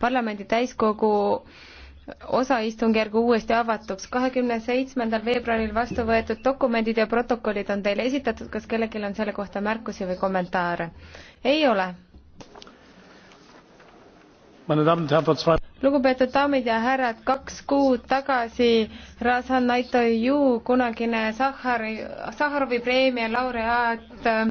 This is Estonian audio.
parlamendi täiskogu osaistungjärgu uuesti avatuks. kahekümne seitsmendal veebruaril vastu võetud dokumendid ja protokollid on teile esitatud, kas kellelgi on selle kohta märkusi või kommentaare? ei ole. lugupeetud daamid ja härrad, kaks kuud tagasi Razan Naitoju, kunagine Sahhari, Sahharovi preemia laureaat